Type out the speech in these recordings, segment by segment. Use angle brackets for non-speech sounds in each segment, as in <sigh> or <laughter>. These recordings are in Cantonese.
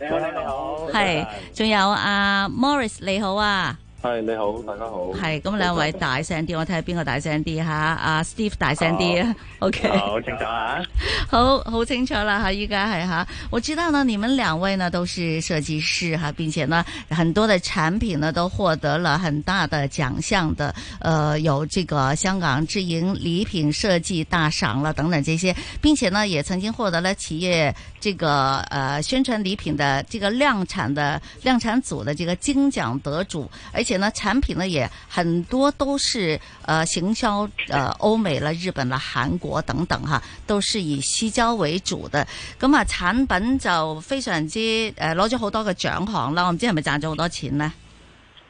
你好，你好是，係謝，仲有阿 Morris 你好啊。係你好，大家好。係咁兩位大聲啲對，我睇下邊個大聲啲吓。阿 Steve 大聲啲 O K，好清楚啦。好好清楚啦，吓。依家係吓，我知道呢，你們兩位呢都是設計師哈，並且呢，很多的產品呢都獲得了很大的獎項的。呃，有這個香港自營禮品設計大賞啦，等等這些，並且呢，也曾經獲得了企業這個呃宣傳禮品的這個量產的量產組的這個金獎得主，而且。而且呢，產品呢也很多，都是，呃，行銷，呃，歐美啦、日本啦、韓國等等，哈，都是以西交為主的。咁、嗯、啊，產品就非常之，誒、呃，攞咗好多嘅獎項啦。我唔知係咪賺咗好多錢呢、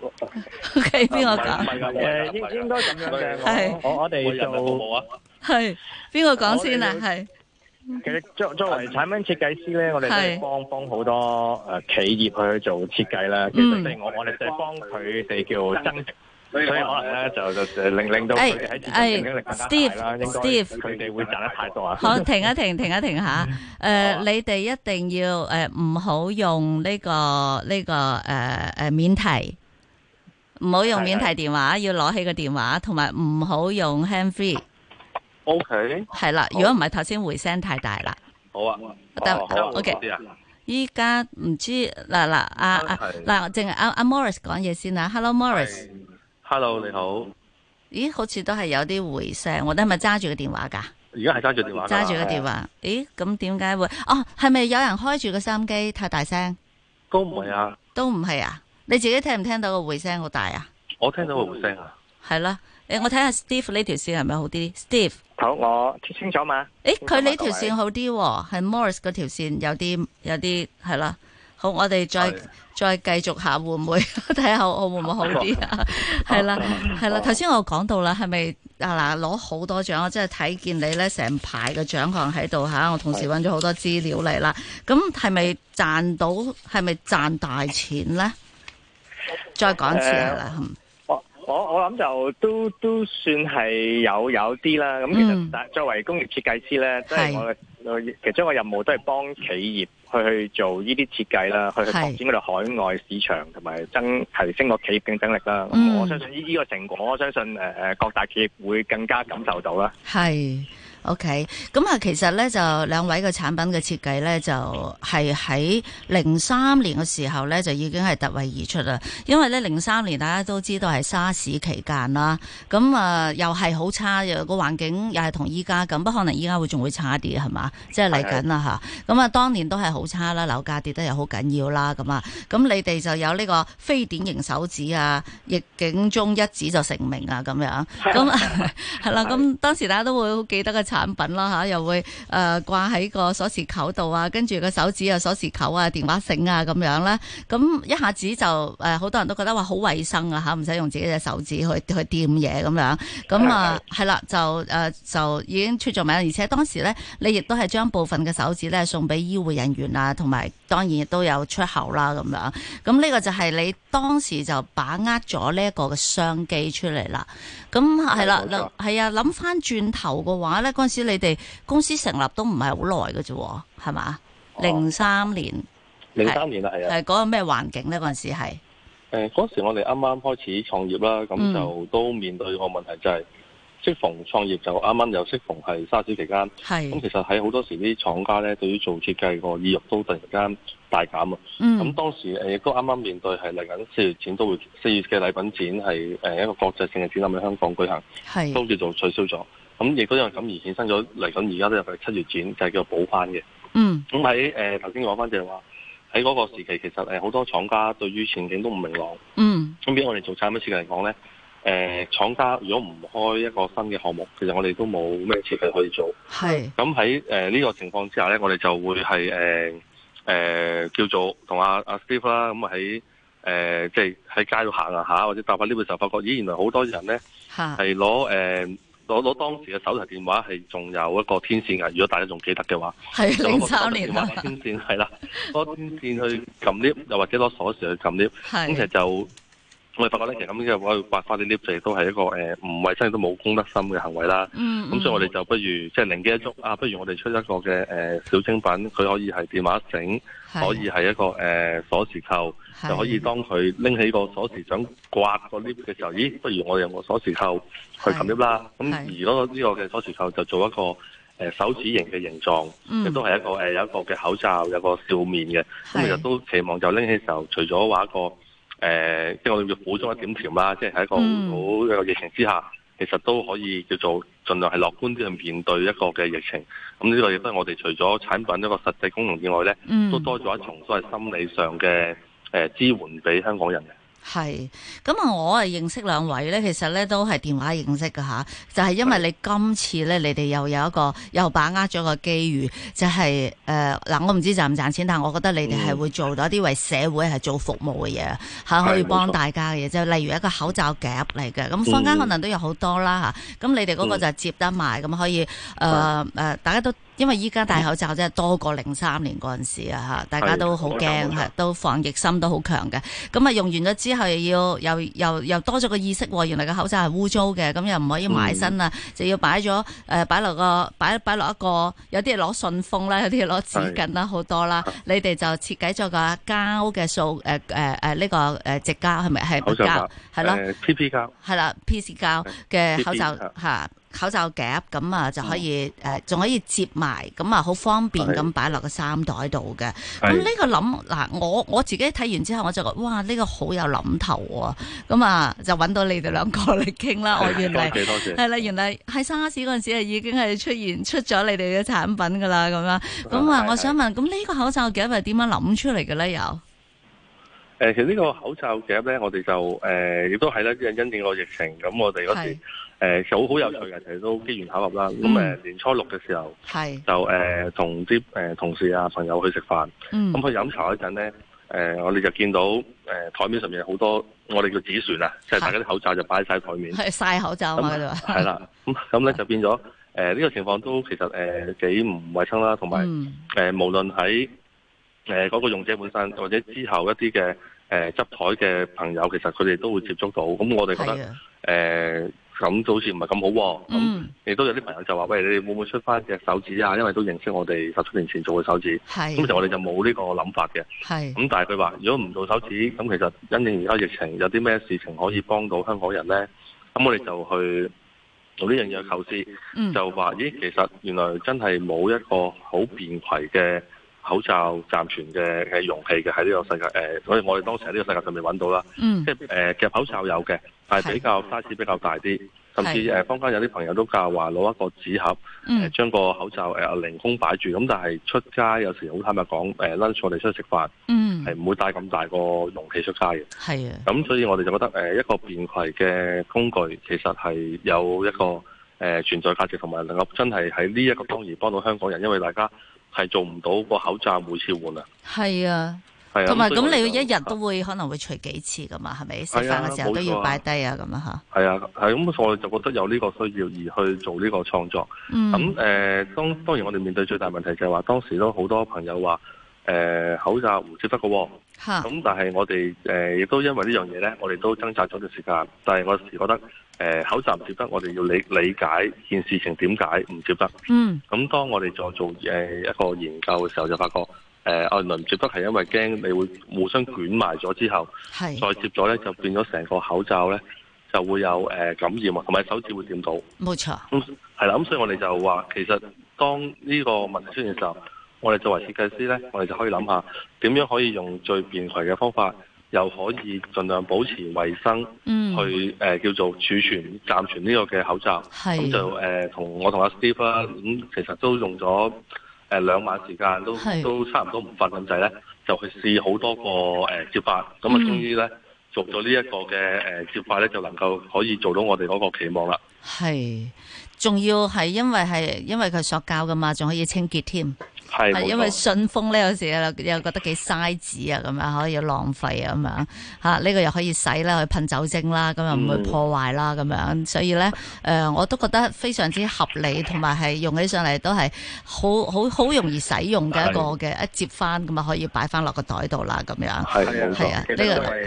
哦、OK，邊個講？誒、啊，應該咁樣係，okay, 我哋做。係，邊個講先啊？係。其實作作為產品設計師咧，我哋係幫幫好多誒企業去做設計啦。其實我我哋就幫佢哋叫增值，嗯、所以可能咧就、哎、就，就，就，就令令到佢哋喺。Steve，Steve，佢哋會賺得太多啊！Steve, 多好，停一停，停一停下。誒、呃、啊、你哋一定要誒唔好用呢個呢個誒誒、呃、免提，唔好用免提電話，要攞起個電話，同埋唔好用 hand free。O K，係啦，如果唔係頭先回聲太大啦。好啊，得 O K，依家唔知嗱嗱阿阿嗱，淨係阿阿 Morris 講嘢先啦。Hello，Morris。Hello，你好。咦，好似都係有啲回聲，我都係咪揸住個電話噶？而家係揸住電話。揸住個電話。咦，咁點解會？哦，係咪有人開住個收音機太大聲？都唔係啊，都唔係啊，你自己聽唔聽到個回聲好大啊？我聽到個回聲啊。係啦。誒，我睇下 Steve 呢條線係咪好啲？Steve，好，我聽清楚嘛？誒，佢呢條線好啲，係 Morris 嗰條線有啲有啲係啦。好，我哋再再繼續下，會唔會睇下我會唔會好啲啊？係啦係啦，頭先我講到啦，係咪嗱攞好多獎？我即係睇見你咧成排嘅獎項喺度吓，我同時搵咗好多資料嚟啦。咁係咪賺到？係咪賺大錢咧？再講一次係啦。我我諗就都都算係有有啲啦，咁、嗯、其實但作為工業設計師咧，即係是我我其中一個任務都係幫企業去去做呢啲設計啦，是去去拓展佢哋海外市場同埋增提升個企業競爭力啦。嗯、我相信呢呢個成果，我相信誒誒各大企業會更加感受到啦。係。OK，咁啊，其實咧就兩位嘅產品嘅設計咧，就係喺零三年嘅時候咧，就已經係突圍而出啦。因為咧零三年大家都知道係沙士期間啦，咁啊、呃、又係好差嘅個環境又係同依家咁，不可能依家會仲會差啲係嘛？即係嚟緊啦吓，咁、就是、的啊，當年都係好差啦，樓價跌得又好緊要啦。咁啊，咁你哋就有呢個非典型手指啊，逆境中一指就成名啊，咁樣咁係啦。咁當時大家都會好記得嘅產品啦吓，又會誒掛喺個鎖匙扣度啊，跟住個手指啊鎖匙扣啊、電話繩啊咁樣啦。咁一下子就誒好多人都覺得話好衛生啊吓，唔使用，用自己隻手指去去掂嘢，咁樣，咁啊係啦，就誒就已經出咗名，而且當時咧你亦都係將部分嘅手指咧送俾醫護人員啊，同埋。當然亦都有出口啦，咁樣咁呢個就係你當時就把握咗呢一個嘅商機出嚟啦。咁係啦，係啊的，諗翻轉頭嘅話呢嗰陣時你哋公司成立都唔係好耐咋啫，係嘛？零三年，零三年啊，係啊是。係嗰個咩環境呢？嗰陣時係誒，嗰時我哋啱啱開始創業啦，咁就都面對個問題就係。嗯適逢創業就啱啱又適逢係沙士期間，咁是、嗯、其實喺好多時啲廠家咧，對於做設計個意欲都突然間大減啊！咁、嗯嗯嗯、當時誒亦都啱啱面對係嚟緊四月展都會，四月嘅禮品展係誒一個國際性嘅展覽喺香港舉行，是都叫做取消咗。咁亦都因為咁而衍生咗嚟緊而家都就係七月展就係、是、叫補翻嘅、嗯嗯。嗯，咁喺誒頭先講翻就係話喺嗰個時期，其實誒好多廠家對於前景都唔明朗。嗯，咁邊我哋做產品設計嚟講咧？誒，廠家如果唔開一個新嘅項目，其實我哋都冇咩設備可以做。係是。咁喺誒呢個情況之下咧，我哋就會係誒誒叫做同阿阿 Steve 啦，咁啊喺誒即係喺街度行下下，或者搭返 lift 嘅時候，發覺咦，原來好多人咧係攞誒攞攞當時嘅手提電話係，仲有一個天線嘅。如果大家仲記得嘅話，係是零三年。電話嘅天線係啦，攞天線去撳 lift，又或者攞鎖匙去撳 lift，咁其實就。我哋發覺咧，其實咁嘅話刮花啲 lift 都係一個誒唔、呃、衛生、都冇公德心嘅行為啦。咁、嗯嗯、所以我哋就不如即係靈機一觸啊，不如我哋出一個嘅誒、呃、小精品，佢可以係電話繩，是可以係一個誒鎖、呃、匙扣，是就可以當佢拎起個鎖匙想刮個 lift 嘅時候，咦？不如我哋用個鎖匙扣去撳 lift 啦。咁是、嗯、而如果呢個嘅鎖匙扣就做一個誒、呃、手指型嘅形狀，亦都係一個、呃、有一個嘅口罩，有一個笑面嘅。咁其實都期望就拎起嘅時候，除咗話一個。誒、呃，即係我哋要補充一點甜啦，即係喺個好個疫情之下，mm. 其實都可以叫做盡量係樂觀啲去面對一個嘅疫情。咁呢個亦都係我哋除咗產品的一個實際功能之外咧，都多咗一重所謂心理上嘅、誒、呃、支援俾香港人嘅。係，咁啊，我啊認識兩位咧，其實咧都係電話認識噶吓、啊，就係、是、因為你今次咧，你哋又有一個又把握咗個機遇，就係誒嗱，我唔知賺唔賺錢，但係我覺得你哋係會做到一啲為社會係做服務嘅嘢，吓、啊、可以幫大家嘅嘢，就例如一個口罩夾嚟嘅，咁坊間可能都有好多啦吓，咁、啊、你哋嗰個就接得埋，咁、嗯、可以誒誒、呃呃，大家都。因為依家戴口罩真係多過零三年嗰陣時啊，大家都好驚，都防疫心都好強嘅。咁啊，用完咗之後又要又又又多咗個意識喎，原來個口罩係污糟嘅，咁又唔可以埋身啦，嗯、就要擺咗誒擺落個擺擺落一個，有啲係攞信封啦，有啲係攞紙巾啦，好多啦。你哋就設計咗個膠嘅塑誒誒誒呢個誒直膠係咪係膠係咯？PP 膠係啦 PC 膠嘅口罩口罩夾咁啊就可以誒，仲、嗯、可以接埋，咁啊好方便咁擺落個衫袋度嘅。咁呢個諗嗱，我我自己睇完之後，我就覺得哇呢、這個好有諗頭啊！咁啊就揾到你哋兩個嚟傾啦。的我原來嚟係啦，原來喺沙士嗰陣時已經係出現出咗你哋嘅產品噶啦。咁樣咁啊，我想問，咁呢的個口罩夾係點樣諗出嚟嘅咧？又？誒、呃，其實呢個口罩夾，咧，我哋就誒、呃，亦都係啦，因應個疫情，咁我哋嗰時誒，就好好有趣嘅，其實都機緣巧合啦。咁誒、嗯，年初六嘅時候，是就誒，同啲誒同事啊朋友去食飯，咁、嗯、去飲茶嗰陣咧，誒、呃，我哋就見到誒台、呃、面上面有好多，我哋叫紙船啊，即係大家啲口罩就擺晒台面，晒口罩嘛，係啦就，咁咧是就變咗，誒是，呢、呃這個情況都其實誒、呃、幾唔衛生啦，同埋誒無論喺。誒嗰、呃那個用者本身，或者之後一啲嘅誒執台嘅朋友，其實佢哋都會接觸到。咁我哋覺得誒咁好似唔係咁好喎、哦。咁亦都有啲朋友就話，喂，你哋會唔會出翻隻手指啊？因為都認識我哋十七年前做嘅手指。咁其實我哋就冇呢個諗法嘅。咁的、嗯、但係佢話，如果唔做手指，咁其實因應而家疫情，有啲咩事情可以幫到香港人咧？咁我哋就去做呢樣嘢嘅構思，就話，咦，其實原來真係冇一個好便攜嘅口罩暫存嘅嘅容器嘅喺呢個世界誒，所、呃、以我哋當時喺呢個世界上面揾唔到啦，嗯、即係誒其實口罩有嘅，但係比較 size 的比較大啲，甚至誒坊間有啲朋友都教話攞一個紙盒誒，將個、嗯呃、口罩誒、呃、凌空擺住，咁但係出街有時好坦白講誒，lunch 我哋出去食飯，係唔、嗯呃、會帶咁大個容器出街嘅，係啊的，咁、呃、所以我哋就覺得誒、呃、一個便攜嘅工具其實係有一個誒、呃、存在價值，同埋能夠真係喺呢一個方面幫到香港人，因為大家。係做唔到個口罩每次換啊！係啊，同埋咁你一日都會、啊、可能會除幾次噶嘛，係咪？食飯嘅時候都要擺低啊，咁啊吓。係啊，係咁、啊啊啊啊、我哋就覺得有呢個需要而去做呢個創作。咁誒、嗯，當、嗯嗯、當然我哋面對最大問題就係、是、話，當時都好多朋友話，誒、呃、口罩唔識得噶，咁哈但係我哋誒亦都因為呢樣嘢咧，我哋都掙扎咗段時間，但係我時覺得。誒、呃、口罩唔接得，我哋要理理解件事情點解唔接得。嗯，咁當我哋在做，做一個研究嘅時候，就發覺誒原來唔接得，係因為驚你會互相捲埋咗之後，是再接咗呢，就變咗成個口罩呢，就會有、呃、感染同埋手指會掂到。冇錯。咁係啦，咁所以我哋就話其實當呢個問題出現嘅時候，我哋作為設計師呢，我哋就可以諗下點樣可以用最便捷嘅方法。又可以盡量保持衞生，嗯、去誒、呃、叫做儲存、暫存呢個嘅口罩。咁是就誒同、呃、我同阿 Stephen、呃啦，咁，其實都用咗誒、呃、兩晚時間，都是都差唔多唔瞓咁滯咧，就去試好多個誒、呃、接法。咁啊、嗯，終於咧做咗、呃、呢一個嘅誒接法咧，就能夠可以做到我哋嗰個期望啦。係，仲要係因為係因為佢塑膠嘅嘛，仲可以清潔添。係，因為信封咧，有時又覺得幾嘥紙啊，咁樣可以浪費啊，咁樣吓呢個又可以洗啦，去噴酒精啦，咁又唔會破壞啦，咁、啊、樣，所以咧誒、呃，我都覺得非常之合理，同埋係用起上嚟都係好好好容易使用嘅一個嘅的一接翻咁啊，可以擺翻落個袋度啦，咁樣係，的啊，呢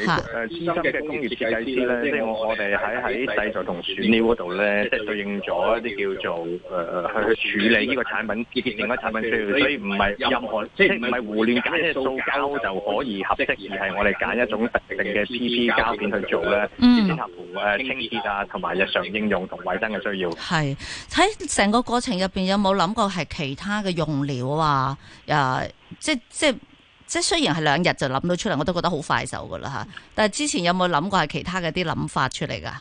個、啊、資深嘅工業設計師咧，即係我哋喺喺製作同選料度咧，即、就、係、是、對應咗一啲叫做誒去、呃、去處理呢個產品，的的的以及另外產品需要。唔係任何，任何即係唔係胡亂揀隻塑膠就可以合適，而係我哋揀一種特定嘅 PP 膠片去做咧，先頭誒清潔啊，同埋日常應用同、啊、衛生嘅需要。係喺成個過程入邊有冇諗過係其他嘅用料啊？誒、啊，即係即係即係雖然係兩日就諗到出嚟，我都覺得好快手噶啦吓。但係之前有冇諗過係其他嘅啲諗法出嚟噶？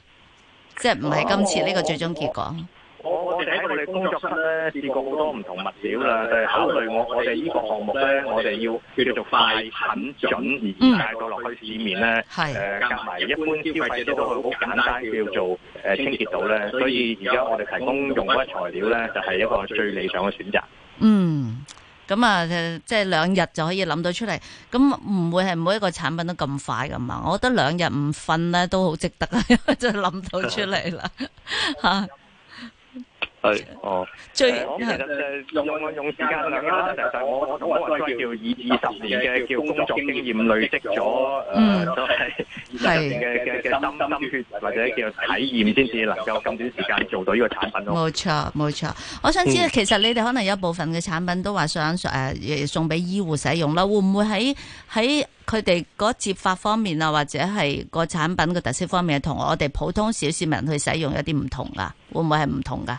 即係唔係今次呢個最終結果？啊哦我哋喺我哋工作室咧試過好多唔同物料啦，嗯、考慮我我哋呢個項目咧，我哋要叫做快、狠準、準而帶個落去市面咧。係誒，夾埋一般消費者知道佢好簡單，叫做誒清潔到咧。所以而家我哋提供用嗰啲材料咧，就係一個最理想嘅選擇。嗯，咁啊，即係兩日就可以諗到出嚟，咁唔會係每一個產品都咁快噶嘛？我覺得兩日唔瞓咧都好值得啊， <laughs> 就諗到出嚟啦，吓、嗯。 <laughs> 哎、哦，最其實用、嗯、用用時間量我我話叫二二十年嘅叫工作經驗累積咗誒，嗯、都係二十年嘅嘅嘅心心血或者叫體驗先至能夠咁短時間做到呢個產品。冇錯冇錯，我想知、嗯、其實你哋可能有部分嘅產品都話想誒送俾醫護使用啦，會唔會喺喺佢哋嗰接法方面啊，或者係個產品嘅特色方面，同我哋普通小市民去使用有啲唔同噶？會唔會係唔同噶？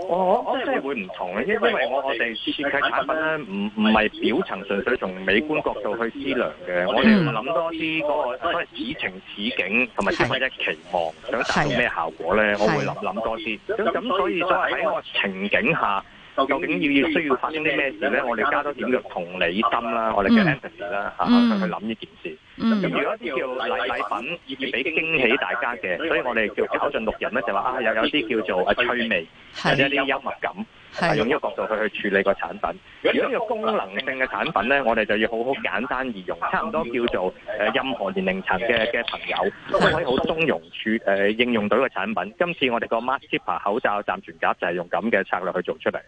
我我、哦哦、即係會唔同嘅，因為我因為我哋設計產品咧，唔唔係表層純粹從美觀角度去思量嘅，嗯、我哋會諗多啲、嗰個的所謂此情此景同埋消費者期望的想達到咩效果咧，的我會諗諗多啲。咁的所以喺個情景下。究竟要要需要發生啲咩事咧？嗯、我哋加多點嘅同理心啦，我哋嘅 empathy 啦、啊、嚇，嗯、去去諗呢件事。咁、嗯、如果啲叫禮禮品要俾驚喜大家嘅，所以我哋叫搞盡六人咧，就話啊有有啲叫做啊趣味，或者啲幽默感，的用呢個角度去去處理個產品。如果呢個功能性嘅產品咧，我哋就要好好簡單易用，差唔多叫做誒任何年齡層嘅嘅朋友都可以好鬆容處誒、啊、應用到嘅產品。今次我哋個 Mask Keeper 口罩暫存夾就係用咁嘅策略去做出嚟。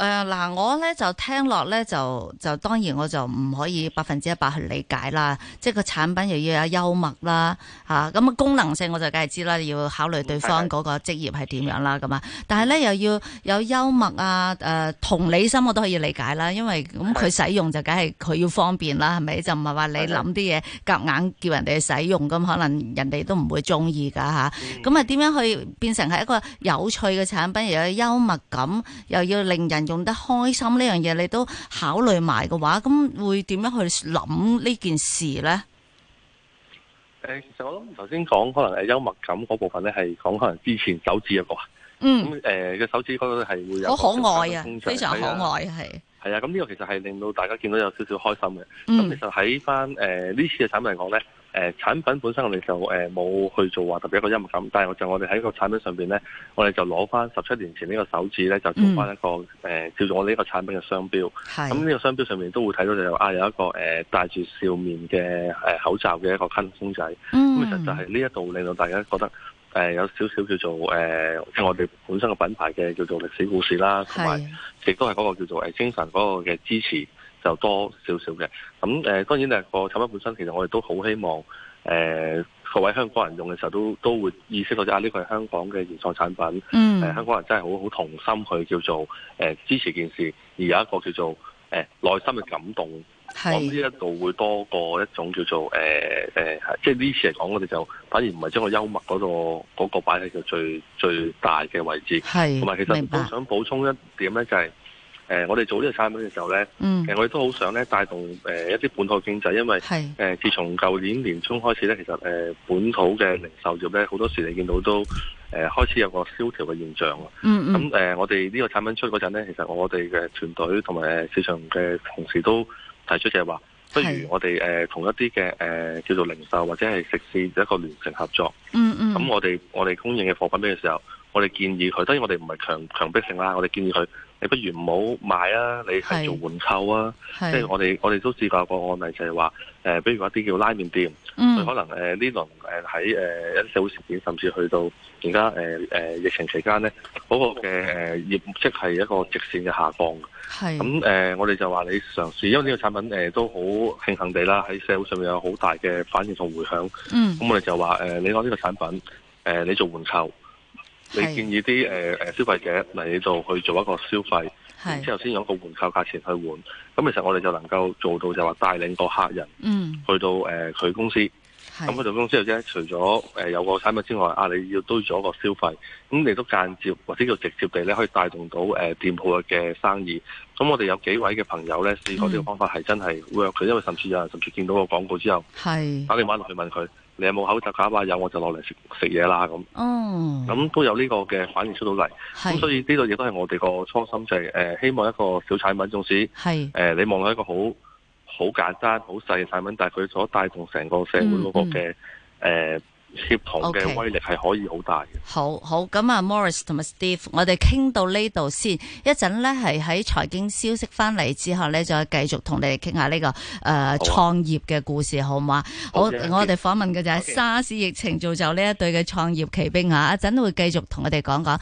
誒嗱、呃，我咧就聽落咧就就當然我就唔可以百分之一百去理解啦，即係個產品又要有幽默啦嚇，咁啊功能性我就梗係知啦，要考慮對方嗰個職業係點樣啦咁啊，的但係咧又要有幽默啊誒、呃、同理心我都可以理解啦，因為咁佢、嗯、的使用就梗係佢要方便啦，係咪就唔係話你諗啲嘢夾硬叫人哋使用咁，可能人哋都唔會中意㗎嚇。咁啊點、嗯、樣去變成係一個有趣嘅產品，又有幽默感，又要令人～用得開心呢樣嘢，你都考慮埋嘅話，咁會點樣去諗呢件事咧？誒，其實我諗頭先講可能係幽默感嗰部分咧，係講可能之前手指，的、嗯嗯、手指一個的，嗯，咁誒嘅手指嗰個係會有好可愛啊，非常可愛係。係啊，咁呢個其實係令到大家見到有少少開心嘅。咁、嗯、其實喺翻誒呢次嘅產品嚟講咧。誒、呃，產品本身我哋就誒冇、呃、去做話特別一個幽默感，但係我就我哋喺個產品上邊咧，我哋就攞翻十七年前呢個手指咧，就做翻一個誒、嗯呃、叫做我呢個產品嘅商標。咁呢、嗯嗯、個商標上面都會睇到就是、啊有一個誒、呃、戴住笑面嘅誒口罩嘅一個卡通公仔。嗯，其實就係呢一度令到大家覺得誒、呃、有少少叫做誒、呃、我哋本身嘅品牌嘅叫做歷史故事啦，同埋亦都係嗰個叫做誒精神嗰個嘅支持。就多少少嘅，咁、嗯、誒、呃、當然誒個產品本身其實我哋都好希望誒各、呃、位香港人用嘅時候都都會意識到，啊呢個係香港嘅原創產品，誒、嗯呃、香港人真係好好同心去叫做誒、呃、支持件事，而有一個叫做誒、呃、內心嘅感動，是我諗呢一度會多過一種叫做誒誒、呃呃，即係呢次嚟講，我哋就反而唔係將個幽默嗰、那個嗰、那個擺喺個最最大嘅位置，同埋是其實我白想補充一點咧、就是，就係。誒、呃，我哋做呢個產品嘅時候咧、嗯呃，我哋都好想咧帶動誒、呃、一啲本土經濟，因為誒是、呃、自從舊年年中開始咧，其實誒、呃、本土嘅零售業咧好多時你見到都誒、呃、開始有個蕭條嘅現象。咁誒、嗯嗯呃，我哋呢個產品出嗰陣咧，其實我哋嘅團隊同埋市場嘅同事都提出就係話，不如我哋誒、呃、同一啲嘅誒叫做零售或者係食肆一個聯乘合作。咁、嗯嗯、我哋我哋供應嘅貨品嗰陣時候，我哋建議佢，當然我哋唔係強強迫性啦，我哋建議佢。你不如唔好賣啊！你係做換購啊！即係、呃、我哋我哋都試過個案例就，就係話比如話啲叫拉麵店，佢、嗯、可能呢、呃、輪喺誒一啲社會事件，甚至去到而家誒疫情期間咧，嗰、那個嘅誒業績係一個直線嘅下降。咁誒是、嗯呃，我哋就話你嘗試，因為呢個產品、呃、都好慶幸地啦，喺社會上面有好大嘅反應同回響。嗯，咁我哋就話誒、呃，你攞呢個產品誒、呃，你做換購。你建議啲誒是、呃、消費者嚟度去做一個消費，是之後先用一個換購價錢去換。咁其實我哋就能夠做到就話帶領個客人去到誒佢、嗯呃、公司。咁佢做公司之後咧，除咗誒、呃、有個產品之外，啊你要都做一個消費，咁你都間接或者叫直接地咧，可以帶動到誒、呃、店鋪嘅生意。咁我哋有幾位嘅朋友咧，試過呢個方法係真係 work 嘅，因為甚至有人甚至見到個廣告之後，打是電話落去問佢。你有冇口罩攪下？有我就落嚟食食嘢啦咁。哦，咁、oh. 都有呢個嘅反應出到嚟。咁是所以呢個亦都係我哋個初心，就係、是、誒、呃、希望一個小產品，縱使誒你望到一個好好簡單、好細嘅產品，但係佢所帶動成個社會嗰個嘅誒。Mm hmm. 呃協同嘅威力係可以大、okay. 好大。好好，咁啊，Morris 同埋 Steve，我哋傾到呢度先，一陣咧係喺財經消息翻嚟之後咧，再繼續同你哋傾下呢個誒創、啊呃、業嘅故事，好唔好啊？Okay. 好，Okay. 我哋訪問嘅就係 SARS、okay. 疫情造就呢一對嘅創業奇兵嚇，一陣會繼續同我哋講講。